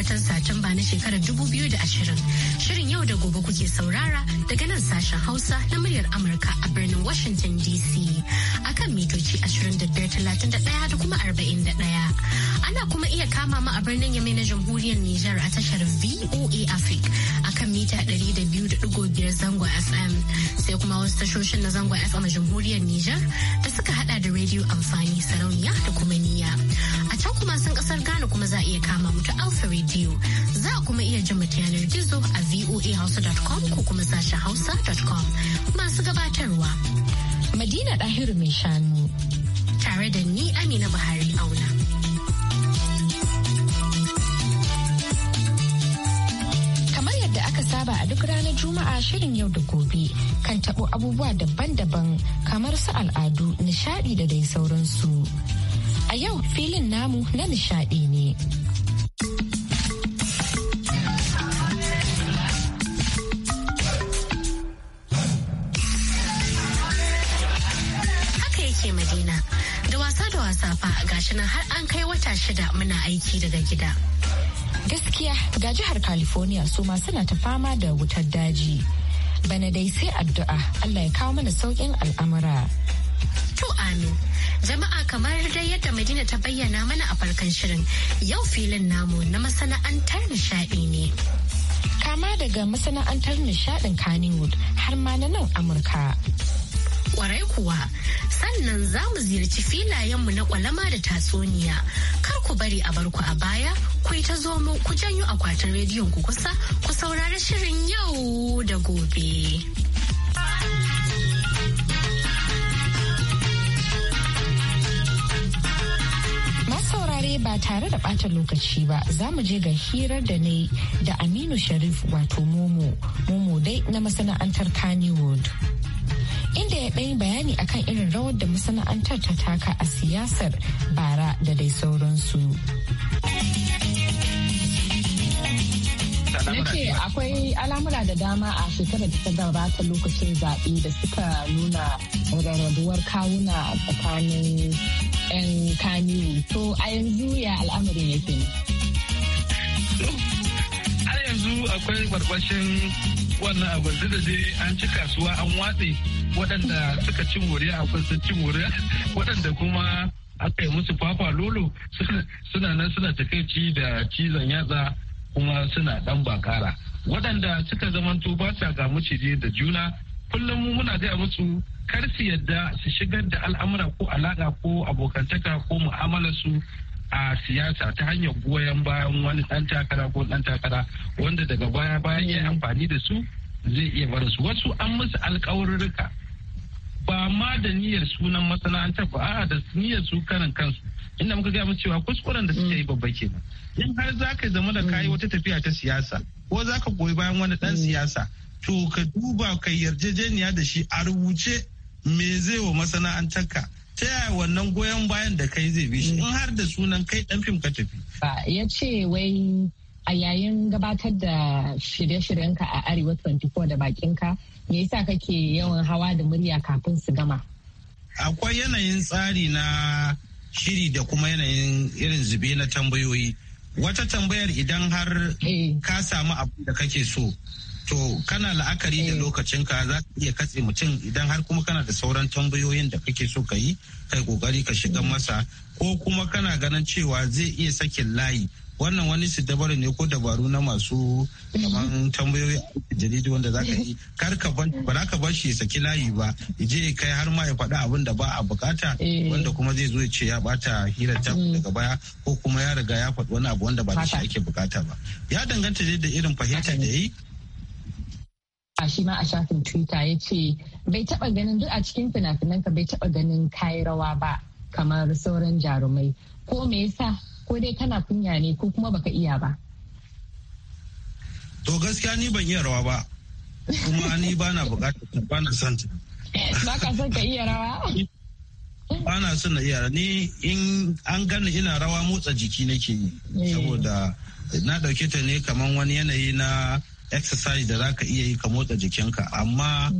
watan Satumba na shekarar 2020. Shirin yau da gobe kuke saurara daga nan sashen Hausa na muryar Amurka a birnin Washington DC. Akan mitoci 2531 da kuma 41. Ana kuma iya kama mu a birnin Yamai na Jamhuriyar Nijar a tashar VOA Africa mita 200.5 zango FM sai kuma wasu tashoshin na zango FM a jamhuriyar Nijar da suka hada da rediyo amfani sarauniya da kuma niya A can kuma sun kasar Ghana kuma za a iya kama mu ta Alpha Radio. Za a kuma iya ji mu yanar gizo a voahausa.com ko kuma sashen hausa.com. Masu gabatarwa. Madina Dahiru mai shanu. Tare da ni Amina Buhari Auna. saba a duk ranar Juma'a shirin yau da gobe kan tabo abubuwa daban-daban kamar su al'adu, nishadi da dai sauransu. A yau filin namu na nishadi ne. haka yake Madina. Da wasa da wasa fa gashi nan har an kai wata shida muna aiki daga gida. gaskiya ga jihar california su ma suna ta fama da wutar daji bana dai sai addu'a allah ya kawo mana saukin al'amura to amin jama'a kamar dai yadda madina ta bayyana mana a farkon shirin yau filin namu na masana'antar nishaɗi ne kama daga masana'antar nishaɗin kannywood har ma na nan amurka Kwarai kuwa sannan za mu ziyarci filayenmu na kwalama da tatsuniya. Kar ku bari a barku a baya ku yi ta zo mu ku janyo akwatin rediyon ku kusa ku saurari shirin yau da gobe. masaurare ba tare da ɓata lokaci ba za mu je ga hirar da ne da aminu sharif wato momo momo dai na masana'antar kannywood inda ya ɗanyi bayani akan irin rawar da masana'antar ta taka a siyasar bara da dai sauransu. Nake akwai alamura da dama a shekarar da ta gabata lokacin zaɓe da suka nuna rarrabuwar kawuna a tsakanin 'yan kaniyu. To a yanzu ya al'amarin yake ne? A yanzu akwai barbashin wannan abin da dai an ci kasuwa an watse waɗanda suka cin wuriya a sun cin wuriya waɗanda kuma aka yi musu fafa lolo suna nan suna takaici da cizon yatsa kuma suna ɗan bakara waɗanda suka zamanto ba sa ga mucije da juna kullum muna gaya musu kar su yadda su shigar da al'amura ko alaka ko abokantaka ko mu'amalar su a siyasa ta hanyar goyon bayan wani ɗan takara ko ɗan takara wanda daga baya bayan ya amfani da su zai iya bar su wasu an musu alkawarurruka ba ma da niyyar sunan masana'antar ba a da niyyar su karan kansu inda muka gaya cewa kuskuren da suke yi babba kenan in har za ka zama da kayi wata tafiya ta siyasa ko za ka goyi bayan wani ɗan siyasa to ka duba ka yarjejeniya da shi a rubuce me zai wa masana'antarka ta yaya wannan goyon bayan da kai zai bi shi in har da sunan kai dan fim ka tafi ya ce wai a yayin gabatar da shirye-shiryenka a arewa 24 da bakinka me yasa kake yawan hawa da murya kafin su gama akwai yanayin tsari na shiri da kuma yanayin irin zube na tambayoyi wata tambayar idan har eh. ka samu abu da kake so to kana la'akari da eh. lokacin ka za ka iya katse mutum idan har kuma kana da sauran tambayoyin da kake so ka yi kai kokari ka shiga masa ko kuma kana ganin cewa zai iya sakin layi wannan wani su dabaru ne ko dabaru na masu kaman mm-hmm. tambayoyi jaridu wanda za ka yi kar ka ba za ka bar shi ya saki layi ba je kai har ma ya faɗi abin da ba a bukata eh. wanda kuma zai zo ya ce ya bata hira ta mm. daga baya ko kuma ya riga ya faɗi wani abu wanda ba ta shi ake bukata ba ya danganta da irin fahimta da yi shi ma a shafin twitter ya ce bai taba ganin duk a cikin fina-finan ka bai taba ganin kayi rawa ba kamar sauran jarumai ko me yasa ko dai kana kunya ne ko kuma baka iya ba to gaskiya ni ban iya rawa ba kuma ni ba na bukatar ba na son ba ka son ka iya rawa ba na son na iya rawa ni in an gani ina rawa motsa jiki nake yi eh. saboda na dauke ta ne kamar wani yanayi na exercise da zaka iya yi ka motsa jikinka amma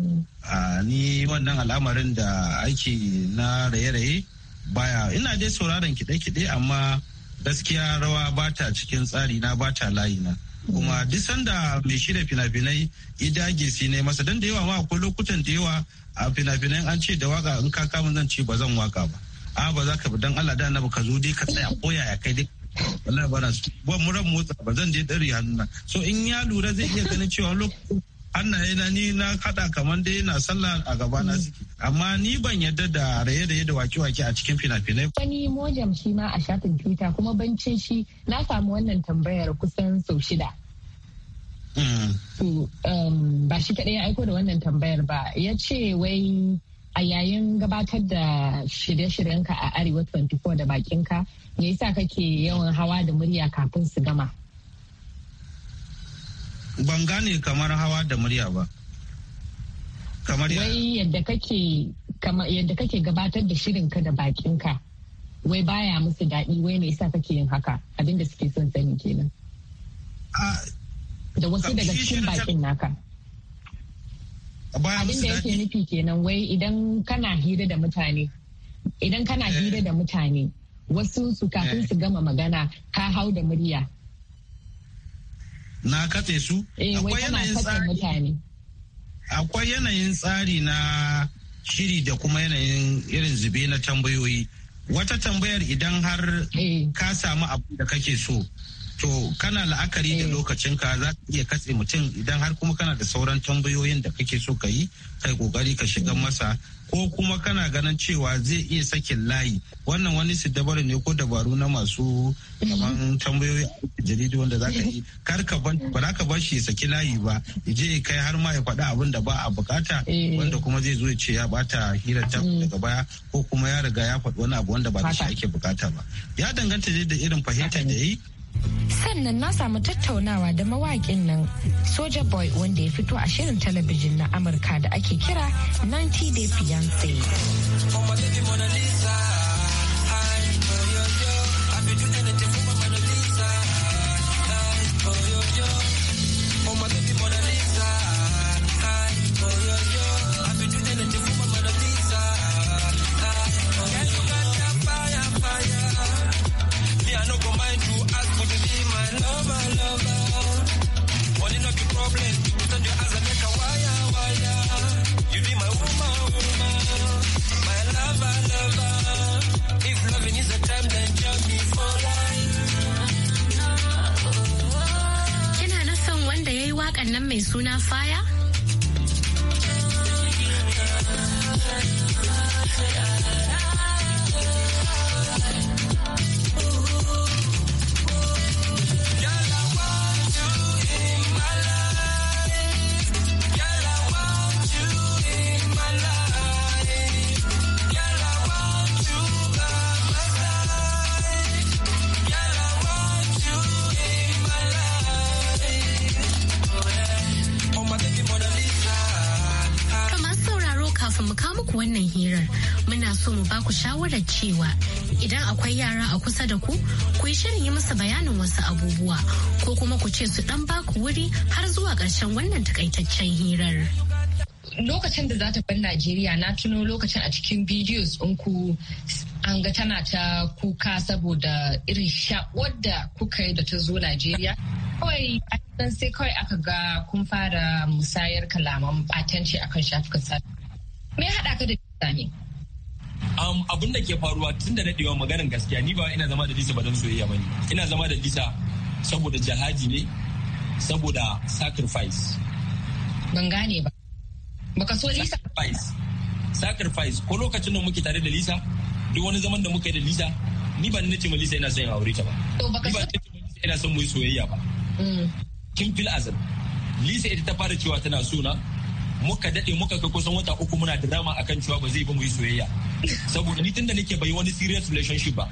ni wannan al'amarin da ake na raye-raye baya ina dai sauraron kiɗe-kiɗe amma gaskiya rawa bata cikin tsari na ba layi na kuma duk sanda mai shirya fina-finai idage si ne masa don da yawa ma akwai lokutan da yawa a fina finai an ce da waka in ka kama zan ce ba zan waka ba a ba za ka bi dan Allah da annabi ka zo dai ka tsaya koya ya kai duk. wallahi ba su ba muran motsa ba zan je dare hannuna so in ya lura zai iya ganin cewa lokacin hannaye na ni na kada kamar dai yana sallah a gaba na mm. suke amma ni ban yadda da raye-raye da wake-wake a cikin fina-finai. wani mojam shi ma a shafin twitter kuma bancin shi na samu wannan tambayar kusan sau shida mm. um, ba shi kaɗai ya aiko da wannan tambayar ba ya ce wai a yayin gabatar da shirye-shiryenka a arewa 24 da bakinka me yasa kake yawan hawa da murya kafin su gama ban gane kamar hawa da murya ba kamar wai yadda kake yadda kake gabatar da shirinka da bakinka wai baya musu daɗi wai me yasa kake yin haka abinda suke son sani kenan da wasu daga cikin bakin naka abinda da yake nufi kenan wai idan kana hira da mutane idan kana eh. hira da mutane wasu su kafin eh. su gama magana ka hau da murya na katse su eh, akwai yanayin tsari akwai yanayin tsari na shiri da kuma yanayin irin zube na tambayoyi wata tambayar idan har ka samu abu da kake so to kana la'akari da eh. lokacin ka za ka iya katse mutum idan har kuma kana da sauran tambayoyin da kake so ka yi kai kokari ka shiga mm. masa ko kuma kana ganin cewa zai iya sakin layi wannan wani siddabaru ne ko dabaru na masu kaman mm. tambayoyi jaridu wanda za ka yi kar ka ba za ka bar shi ya saki layi ba je kai har ma ya faɗi abin da ba a bukata eh. wanda kuma zai zo ya ce ya bata hirar ta mm. daga baya ko kuma ya riga ya faɗi wani abu wanda ba da shi ake bukata ba ya danganta da irin fahimtar da yi sannan na samu tattaunawa da mawaƙin nan soja boy wanda ya fito a shirin talabijin na amurka da ake kira 90 day fiance Kina na son wanda ya yi waƙan nan mai suna Faya? cewa idan akwai yara a kusa da ku ku yi shirin yi masa bayanin wasu abubuwa ko kuma ku ce su dan baku wuri har zuwa ƙarshen wannan takaitaccen hirar. lokacin da za ta bar Najeriya na tuno lokacin a cikin bidiyos ku an ga tana ta kuka saboda irin shaƙuwar da kuka yi da ta zo Najeriya. Kawai dan sai kawai aka ga kun fara musayar kalaman batanci akan shafukan sa. Me ya haɗa ka da ne? Um, abin da ke faruwa tun da daɗewa maganar gaskiya ni ba ina zama da disa ba don soyayya ba ne ina zama da disa saboda jihadi ne saboda sacrifice ban gane ba baka so lisa sacrifice sacrifice ko lokacin da muke tare da lisa duk wani zaman da muka yi da lisa ni ban nace ma lisa ina son yin aure ta ba ni ban nace ma lisa ina son mu soyayya ba mm. kin fil azab lisa ita ta fara cewa tana so na muka dade muka kai kusan wata uku muna da dama akan cewa ba zai ba mu yi soyayya saboda ni tunda nake bai wani serious relationship ba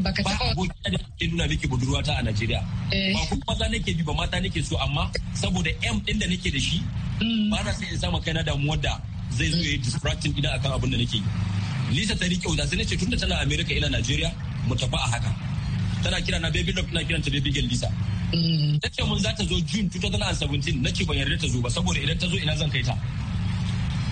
baka taɓa ba da ke nuna budurwa budurwata a Najeriya eh. ba ku maza nake bi ba mata nake so amma saboda M ɗin da nake da shi mm. ba na sai in sama kaina damuwar da zai zo ya distracting idan akan abin da nake yi Lisa ta riƙe wuta sai nace tunda tana America ina Najeriya mu tafi a haka tana kira na baby love tana kiran ta baby girl lisa ta ce mun za ta zo june 2017 na ce ban yarda ta zo ba saboda idan ta zo ina zan kai ta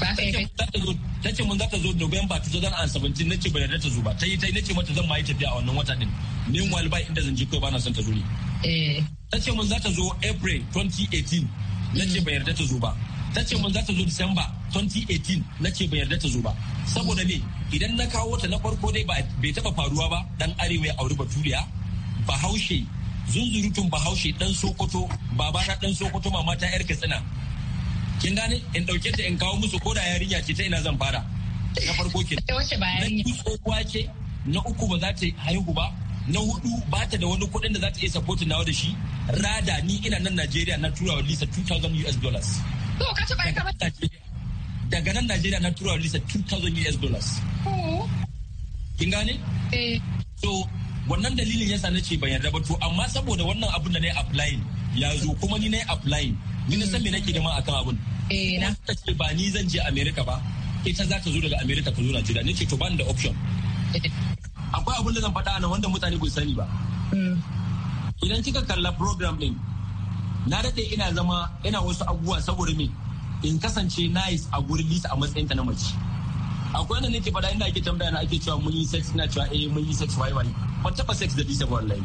ta ce mun za ta zo November 2017 na ce ban yarda ta zo ba ta yi ta yi na ce mata zan ma yi tafiya a wannan wata din meanwhile ba inda zan je kai ba na son ta zo ne ta ce mun za ta zo April 2018 na ce ban yarda ta zo ba ta ce mun za ta zo December 2018 na ce ban yarda ta zo ba saboda me idan na kawo ta na farko dai bai taba faruwa ba dan arewa ya auri baturiya bahaushe zunzurutun bahaushe dan sokoto babana dan sokoto mama ta yar katsina kin gane in dauke ta in kawo musu koda yarinya ce ta ina zan fara na farko ke na kuwa ce na uku ba za ta haihu ba na hudu ba ta da wani kuɗin da za ta iya supporting nawa da shi rada ni ina nan Najeriya na turawa Lisa 2000 US dollars to ka ci bai kamar daga nan Najeriya na turawa Lisa 2000 US dollars oh. kin gane eh. so wannan dalilin yasa na ce ban yarda ba to amma saboda wannan abun da na yi applying ya zo kuma ni na yi applying ni na san me nake nema akan abun eh na ta ce ba ni zan je America ba ita za ta zo daga America ka zo Najeriya ni ce to ban da option eh. akwai abun da zan faɗa nan wanda mutane bai sani ba hmm. idan kika kalla program din na daɗe ina zama ina wasu abubuwa saboda me in kasance nice a gurin lisa a matsayin ta na mace akwai wanda nake faɗa inda ake tambaya na ake cewa mun yi sex na cewa eh mun yi sex wai wai ban taba sex da Lisa ba wallahi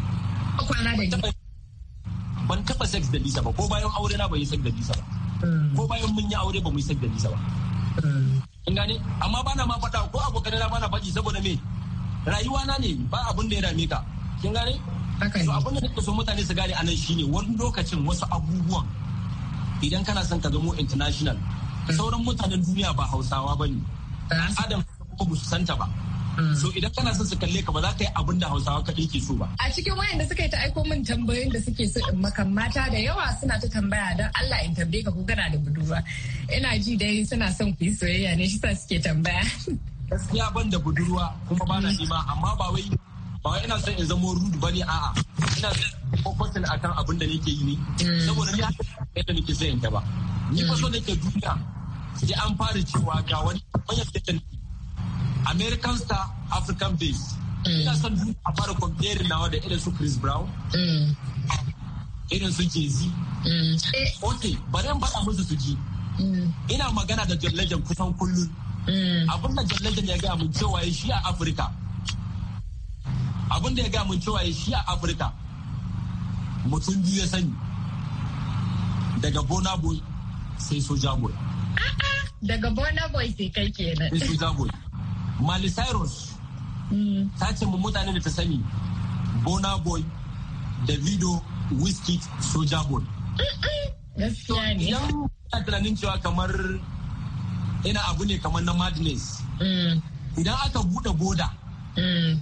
ban taba sex da Lisa ba ko bayan aure na bai yi sex da Lisa ba hmm. ko bayan mun yi aure ba mu yi sex da Lisa ba hmm. in gane amma bana ma faɗa ko abokan na bana faɗi saboda me rayuwa na ne ba abun da ya dame ka kin gane so abun da nake so mutane su gane anan shine wani lokacin wasu abubuwan idan kana son ka zama international hmm. sauran mutanen duniya ba hausawa ba ne eh, adam ko musu santa ba so idan kana son su kalle ka ba za ka yi abin da hausawa kaɗai ke so ba a cikin wayanda suka yi ta aiko min tambayoyin da suke so in maka mata da yawa suna ta tambaya don Allah in tambaye ka ko kana da budurwa ina ji dai suna son ku yi soyayya ne shi sa suke tambaya gaskiya ban da budurwa kuma ba na nima amma ba wai ba wai ina son in zamo ba ne a'a ina son a akan abin da nake yi ne saboda ni haka yadda nake sayin ta ba ni fa so nake duniya sai an fara cewa ga wani wani American star African base. Mm. Ina son a fara kwamfiyar nawa da irin su Chris Brown. Mm. Irin su Jay-Z. Mm. Ok, bari in a musu su ji. Ina magana da John Legend kusan kullum. Abin da John Legend ya gaya mun cewa ya shi a Afirka. Abin da ya gaya mun cewa ya shi a Afirka. Mutum biyu ya sani. Daga Bona Boy sai Soja Boy. Daga Bona Boy sai kai kenan. Sai Soja Boy. Mali Cyrus mm. ta ce mu mutane da ta sani Bona Boy, da vido Whiskey, Soja Boy. Gaskiya ne. tunanin cewa kamar ina abu ne kamar na madness. Mm. Idan aka buɗe boda. Mm.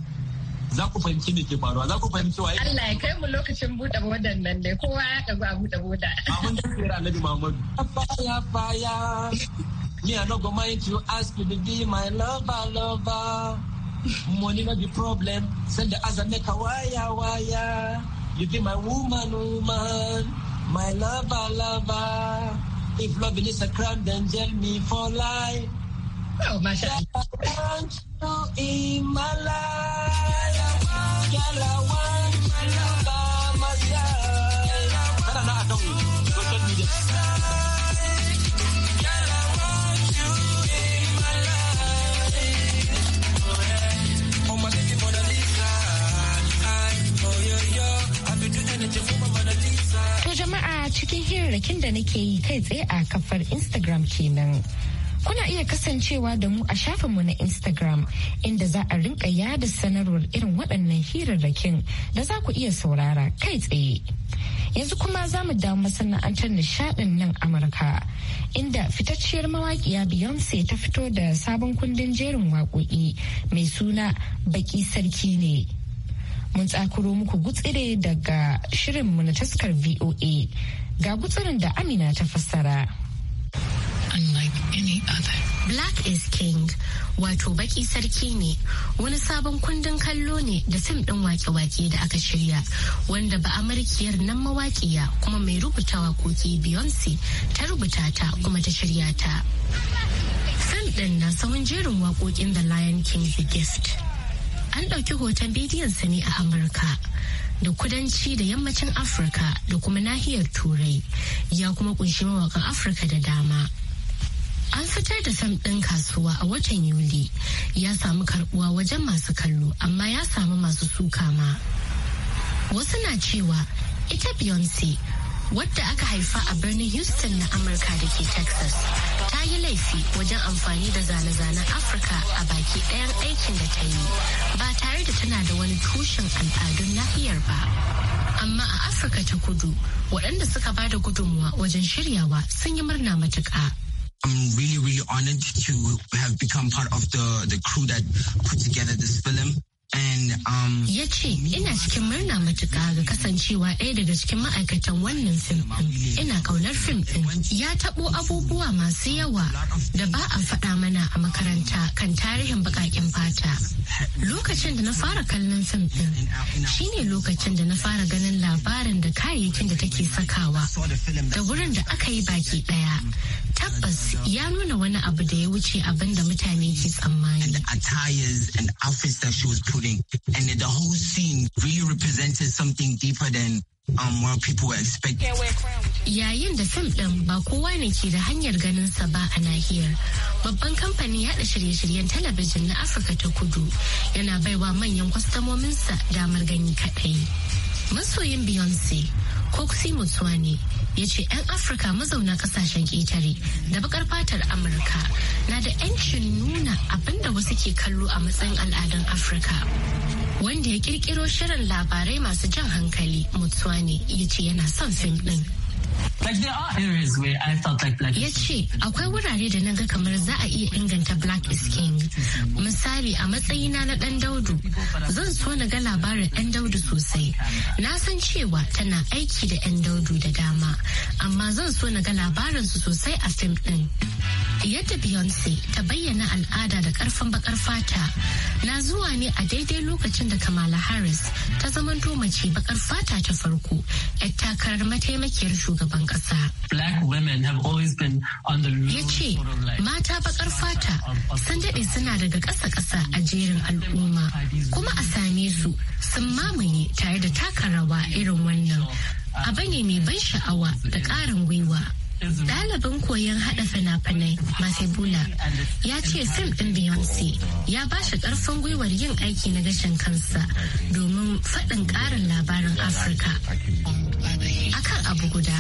Za ku fahimci me ke faruwa, za ku fahimci wa Allah ya kai mu lokacin buɗe bodan nan dai kowa ya ɗagu a buɗe boda. Abin da ke Annabi Muhammadu. baya baya. Me, I not go mind you ask you to be my lover, lover. Money not the problem. Send the as a make a wire, wire. You be my woman, woman. My lover, lover. If loving is a crime, then jail me for life. Oh, my God. I want you in my life. Girl, I want kwanakin da nake yi kai tsaye a kafar Instagram kenan. Kuna iya kasancewa da mu a shafinmu na Instagram inda za a rinka yada sanarwar irin waɗannan hirarrakin da za ku iya saurara kai tsaye. yanzu kuma za mu damu masana'antar nishadin nan amurka inda fitacciyar mawaƙiya beyonce ta fito da sabon kundin jerin waƙoƙi mai suna baƙi sarki ne mun tsakuro muku gutsire daga shirinmu na taskar voa Ga gutsirin da Amina ta fassara. Black is King wato baki sarki ne wani sabon kundin kallo ne da fim ɗin wake-wake da aka shirya wanda ba amurkiyar nan mawaƙiya kuma mai rubuta waƙoƙi Beyonce ta rubuta ta kuma ta shirya ta. Fim ɗin na tsawon jerin waƙoƙin The Lion King The Gift. An ɗauki hoton bidiyon sa ne a Amurka. da kudanci da yammacin afirka da kuma nahiyar turai ya kuma kunshi mawakan afirka da dama an fitar da fim ɗin kasuwa a watan yuli ya samu karbuwa wajen masu kallo amma ya samu masu suka ma wasu na cewa ita beyonce wadda aka haifa a birnin Houston na Amurka da ke Texas. Ta yi laifi wajen amfani da zane-zanen Afirka a baki ɗayan aikin da ta yi ba tare da tana da wani tushen al'adun nahiyar ba. amma a afirka ta kudu waɗanda suka ba da gudunmuwa wajen shiryawa sun yi murna matuƙa. I'm really, really honored to have become part of the, the crew that put together this film. And Um, ya ce ina cikin murna matuka ga kasancewa ɗaya daga cikin ma'aikatan wannan fim Ina kaunar fim ɗin. Ya taɓo abubuwa masu yawa da ba a faɗa mana a makaranta kan tarihin baƙaƙen fata. Lokacin da na fara kallon fim ɗin shine lokacin da na fara ganin labarin da kayayyakin da take sakawa da wurin da aka yi baki ɗaya. Tabbas ya nuna wani abu da ya wuce abin da mutane ke tsammani. and the whole scene really represented something deeper than um, what people were expecting. Yayin da fim ɗin ba kowa ne ke da hanyar ganin sa ba a nahiyar. Babban kamfanin yaɗa shirye-shiryen talabijin na Afirka ta kudu yana baiwa manyan kwastamominsa damar gani kaɗai. Masoyin Beyonce, Coxie Mutuani ya ce 'yan afirka mazauna kasashen ƙetare da bakar fatar amurka na da 'yancin nuna abinda wasu ke kallo a matsayin al'adun afirka wanda ya kirkiro shirin labarai masu jan hankali mutuwa ne ya ce yana son fim ɗin Ya ce akwai wurare da naga kamar za a iya inganta Black is King. Misali a matsayina na Dan daudu, zan so na ga labarin Dan daudu sosai. Na san cewa tana aiki da Dan daudu da dama, amma zan so na ga su sosai a fim ɗin. Yadda Beyonce ta bayyana al'ada da karfin bakar fata na zuwa ne a daidai lokacin da Kamala Harris ta zamanto mace bakar fata ta farko 'yar takarar mataimakiyar shugaban kasa. Ya ce, mata bakar fata sun daɗe suna daga ƙasa-ƙasa a jerin al'umma, kuma a same su sun mamaye tare da takarawa irin wannan. Abu ne mai ban sha'awa da ƙarin gwiwa. Ɗaliban koyon haɗa fina-finai Masebula ya ce fim ɗin Beyonce ya ba shi ƙarfin gwiwar yin aiki na gashin kansa domin faɗin ƙarin labarin Afirka. Akan abu guda,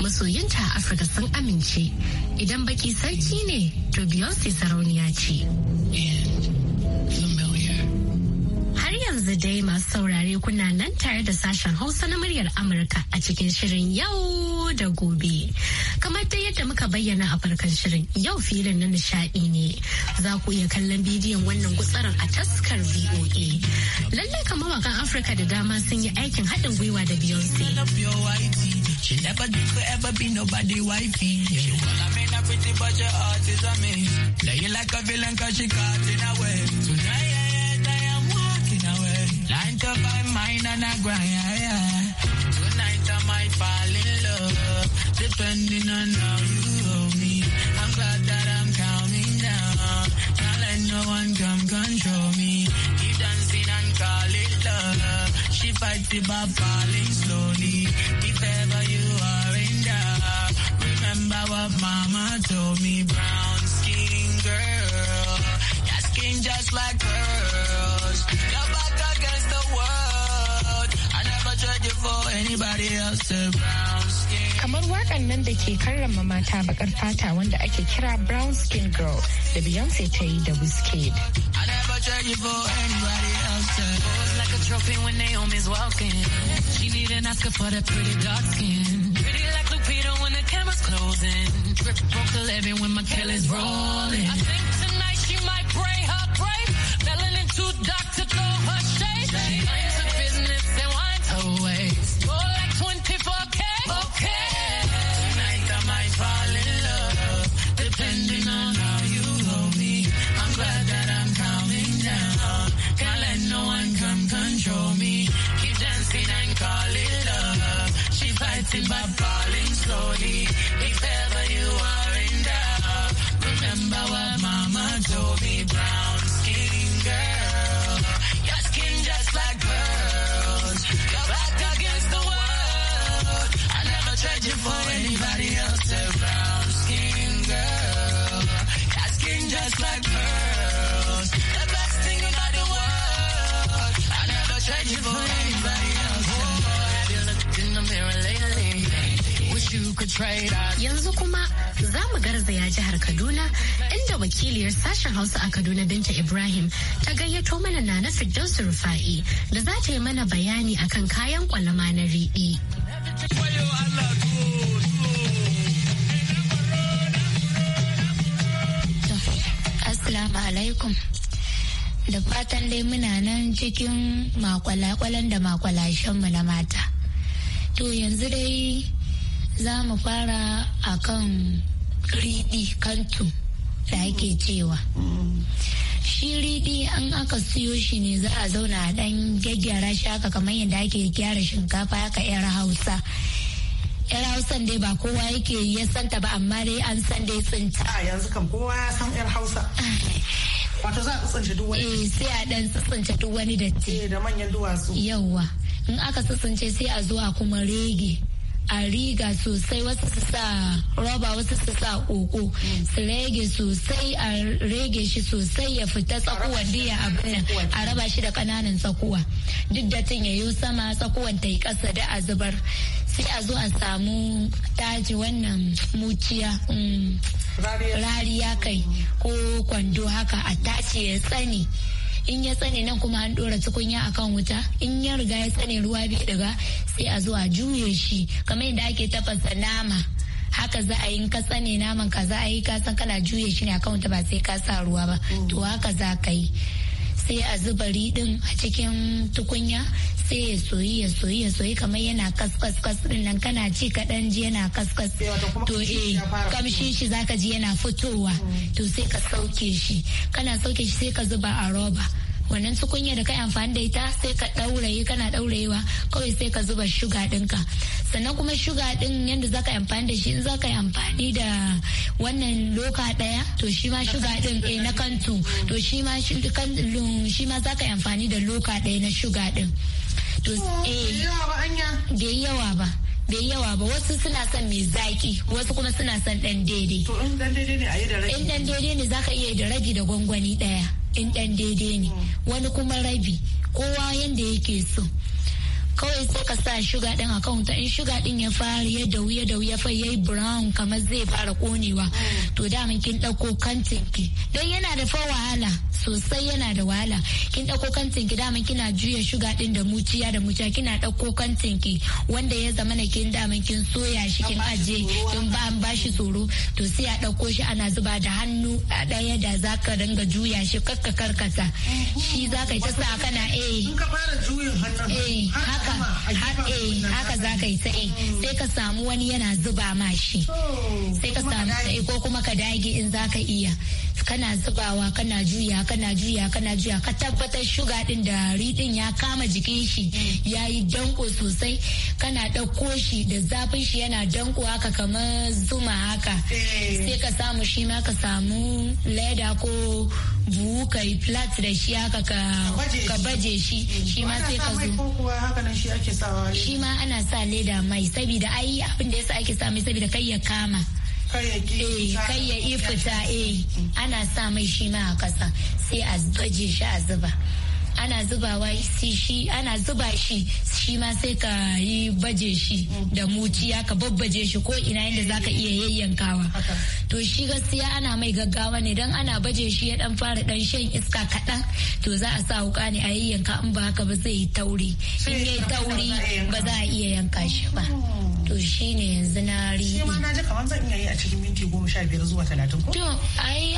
masoyinta a Afirka sun amince idan baki sarki ne to Beyonce sarauniya ce. yanzu dai masu saurare kuna nan tare da sashen Hausa na muryar Amurka a cikin shirin yau da gobe. Kamar dai yadda muka bayyana a farkon shirin yau filin na nishaɗi ne. Za ku iya kallon bidiyon wannan gutsarin a taskar VOA. Lallai kamar wakan Afirka da dama sun yi aikin haɗin gwiwa da Beyonce. na grind, Tonight I might fall in love, depending on how you hold me. I'm glad that I'm calming down. Can't let no one come control me. Keep dancing and call it love. She fights it by falling slowly. If ever you are in doubt, remember what mama told me. Brown skin girl, your skin just like pearls. Kamar wakan nan da ke karrama mata bakar fata wanda ake kira Brown Skin Girl da Beyonce ta yi da Wizkid. a trophy when Naomi's walking. She need an Oscar for that pretty dark skin. Pretty like Lupita when the camera's closing. Broke 11 when my rolling. Silver Yanzu kuma za mu garzaya jihar Kaduna inda wakiliyar sashen Hausa a Kaduna Binta Ibrahim ta gayyato mana na na Firdausu Rufa'i da za ta yi mana bayani akan kayan kwalama na riɗi. alaikum. Da fatan dai muna nan cikin makwalakwalan da makwalashenmu na mata. To yanzu dai za mu fara a kan riɗi kantu da ake cewa shi riɗi an aka siyo shi ne za a zauna a ɗan gyaggyara shi haka kamar yadda ake gyara shinkafa haka 'yar hausa yar hausan dai ba kowa yake ya santa ba amma dai an san dai tsinta a yanzu kan kowa ya san yar hausa wato za a tsinta duk wani eh sai a dan tsinta duk wani datti eh da manyan duwatsu yawa in aka tsince sai a zo a kuma rege a riga sosai wasu su sa roba wasu su sa koko su rage sosai a rage shi sosai ya fita tsakuwa diya abin a raba shi da kananan tsakuwa duk da ya yi sama tsakuwan ta yi kasa da a zubar sai a zo a samu daji wannan muciya mm, rariya kai ko kwando haka a tashi ya tsani in ya tsane nan kuma an dora tukunya akan wuta in ya riga ya tsane ruwa bai daga sai a zo a juye shi kamar yadda ake tafasa nama haka za a yi ka tsane naman ka za a yi ka san kana juye shi ne akan wuta ba sai ka sa ruwa ba to haka za ka yi sai a zubari din a cikin tukunya sai ya soyi ya soyi ya soyi kamar yana kaskas kas nan kana ci kaɗan ji yana kaskas eh, to eh kamshin shi eh, zaka ji yana fitowa mm. to sai ka sauke shi kana sauke shi sai ka zuba a roba wannan tukunya da kai amfani da ita sai ka ɗauraye kana ɗaurayewa kawai sai ka zuba shuga ɗinka sannan kuma shuga ɗin yadda za ka yi amfani da shi in za ka yi amfani da wannan loka ɗaya to shi ma shuga ɗin eh na kantu to shi ma shi ma za ka yi amfani da loka ɗaya na shuga ɗin. To, oh, eh, bai yawa ba. bai yawa ba wasu suna son mai zaki wasu kuma suna son dan daidai. To in dan daidai ne a yi da rabi. In dan daidai ne zaka iya da rabi da gwangwani daya in dan daidai ne mm. wani kuma rabi kowa yanda yake so. kawai sai ka sa shuga din a kawunta in shuga din ya fara ya dawu ya dawu ya fa yayi brown kamar zai fara konewa to mun kin dauko kantin ki don yana da fa wahala sosai yana da wahala kin dauko kantin ki mun kina juya shuga din da muciya da muciya kina dauko kantin ki wanda ya zama na kin mun kin soya shi kin aje kin ba an bashi tsoro to sai a dauko shi ana zuba da hannu a daya da zaka dinga juya shi kakka karkata shi zaka ta sa kana eh ka fara juyin hannun eh haka haka eh, haka za ka yi ta eh, sai ka samu wani yana zuba ma shi sai ka samu ta eh, ko kuma ka dage in za ka iya kana zubawa kana juya kana juya kana juya ka tabbatar shuga din da ridin ya kama jikin shi ya yi danko sosai kana ɗauko shi da zafin shi yana danko haka kamar zuma haka sai ka samu shi ma ka samu leda ko buhu ka yi flat da shi haka ka baje shi shi ma sai ka zo shi ake sawa shi ma ana sa leda mai saboda ai abin da yasa ake sa mai saboda kai ya kama kai ya ifita eh, eh ana sa mai shi ma a kasa sai a baje shi a zuba ana zubawa shi ana zuba shi shi ma sai ka yi baje shi da muciya ka babbaje shi ko ina yadda zaka iya yayyankawa to shi gaskiya ana mai gaggawa ne dan ana baje shi ya dan fara dan shan iska kaɗan to za a sa wuka ne a yayyanka in ba haka ba zai yi tauri in yi tauri ba za a iya yanka shi ba oh. to shi ne yanzu na riɗi. Shi ma iya yi a cikin minti goma sha biyar zuwa talatin ko? To,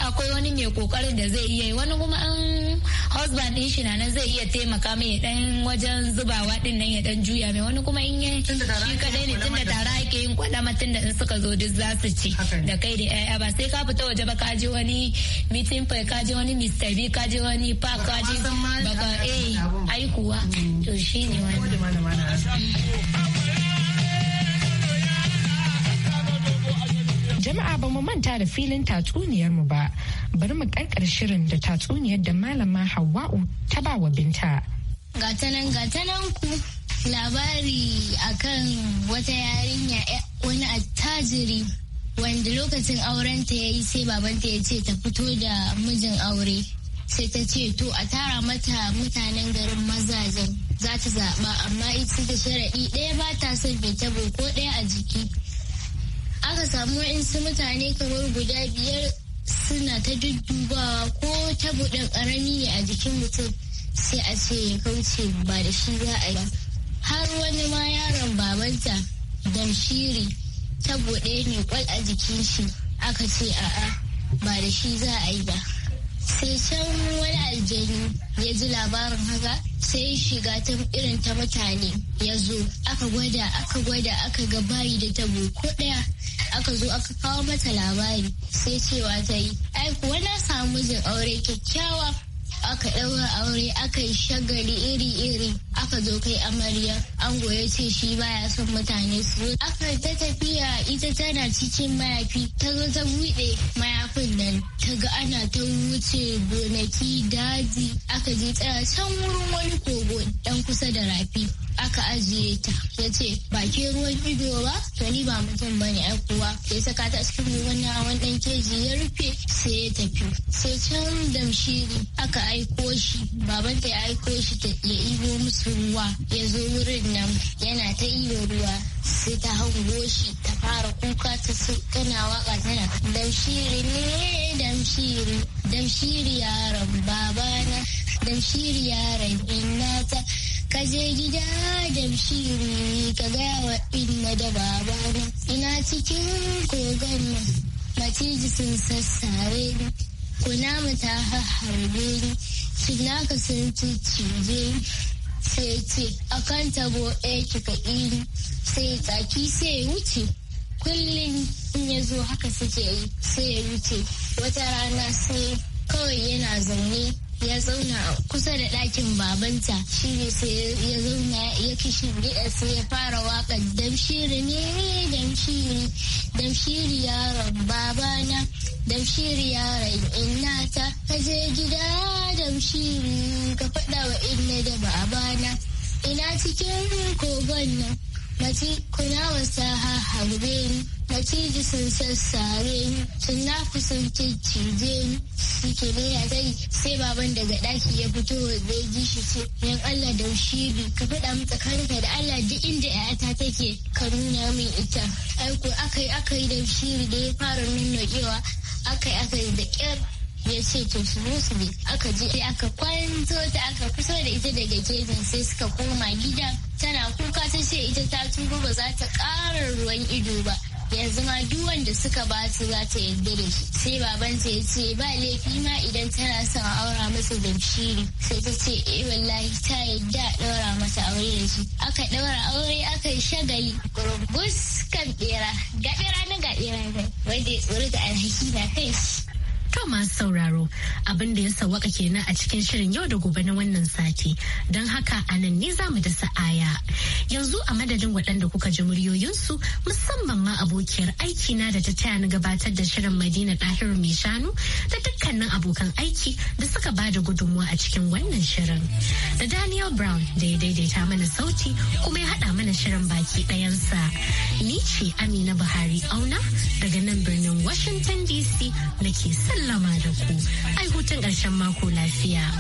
akwai wani mai kokarin da zai iya yi wani kuma an husband ɗin shi na nan zai iya taimaka mai dan wajen zubawa din nan ya dan juya mai wani kuma in yi shi kadai ne tunda tara ake yin kwalama tunda in suka zo duk za su ci da kai da yaya ba sai ka fita waje ba ka je wani meeting fai ka je wani Mr. B ka je wani park ka je baka eh, aikuwa mm. to shi ne wani. Jama'a ba mu manta da filin tatsuniyar mu ba. Bari mu karkar shirin da tatsuniyar da malama Hawwa'u ta ba wa binta. Gatanan gatanan ku labari akan wata yarinya eh, wani attajiri wanda lokacin aurenta ya yi sai babanta ya ce ta fito da mijin aure. sai ta ce to a tara mata mutanen garin mazajen za ta zaɓa amma ita ta sharaɗi ɗaya ba ta son fita ko ɗaya a jiki aka samu wa'insu mutane kamar guda biyar suna ta duddubawa ko ta buɗe ƙarami ne a jikin mutum sai a ce ya kauce ba da shi za a yi har wani ma yaron babanta damshiri buɗe ne kwal a jikin shi aka ce a'a ba da shi za a yi ba sai can wani aljani ya ji labarin haka sai shiga ta irin ta mutane ya zo aka gwada aka gwada aka ga bayi da tabo ko daya aka zo aka kawo mata labari sai cewa ta yi ai kuwa na samu jin aure kyakkyawa aka ɗaura aure aka yi shagali iri-iri aka zo kai amarya ango ya ce shi baya son mutane su zo aka ta tafiya ita tana cikin mayafi ta zo ta buɗe mayafin nan ta ga ana ta wuce gonaki daji aka je tsaya can wurin wani kogo dan kusa da rafi aka ajiye ta ya ce ba ke ruwan ido ba to ni ba mutum bane ai kuwa ya saka ta cikin wani hawan dan keji ya rufe sai ya tafi sai can damshiri aka aiko shi baban ta ya aiko shi ta ya ibo musu ruwa ya zo wurin nan yana ta iya ruwa sai ta hango shi ta fara kuka ta tana waka tana damshiri ne damshiri damshiri yaron babana damshiri yaron inata ka je gida da bishiri ka gaya wa inna da babana ina cikin kogon nan maciji sun sassare ni kunama ta harbe ni shinaka sun cicije ni sai ce akan tabo ɗaya kika ɗini sai tsaki sai wuce kullum in ya zo haka suke yi sai ya wuce wata rana sai kawai yana zaune ya zauna kusa da ɗakin babanta shine sai ya zauna ya kishi gida sai ya fara waka. damshiri ne damshiri damshiri yaron babana damshiri yaron innata ka je gida damshiri ka faɗa wa inna da babana ina cikin kogon nan mati kuna wasa ha maciji sun sassare ni sun fi sun ciccije ni suke ne ya sai sai baban daga daki ya fito da ya ji shi ce yan Allah da shibi ka faɗa mu tsakaninka da Allah duk inda ƴata take ka nuna min ita aiko akai akai da shiri da ya fara nunnukewa akai akai da ƙyar ya ce to su musu bi aka je aka kwanto ta aka kusa da ita daga jejin sai suka koma gida tana kuka ta ce ita ta tuba ba za ta ƙara ruwan ido ba yanzu ma duk wanda suka ba su za ta yarda da shi sai babanta ya ce ba laifi ma idan tana son aura masa zamshiri sai ta ce eh wallahi ta yarda daura masa aure da shi aka daura aure aka yi shagali gurgus kan bera gaɓera na gaɓera ne wanda ya tsoro da alhaki na kai To masu sauraro abin da ya sawaka kenan a cikin shirin yau da gobe na wannan sati don haka a nan ne za mu da sa'aya. Yanzu a madadin waɗanda kuka ji muryoyinsu musamman ma abokiyar aiki na da ta taya ni gabatar da shirin Madina Ɗahiru mai shanu da dukkanin abokan aiki da suka ba da gudunmuwa a cikin wannan shirin. Da Daniel Brown da ya daidaita mana sauti kuma ya haɗa mana shirin baki ɗayansa. Ni ce Amina Buhari auna daga nan birnin Washington DC nake sallama da ku. Ai hutun ƙarshen mako lafiya.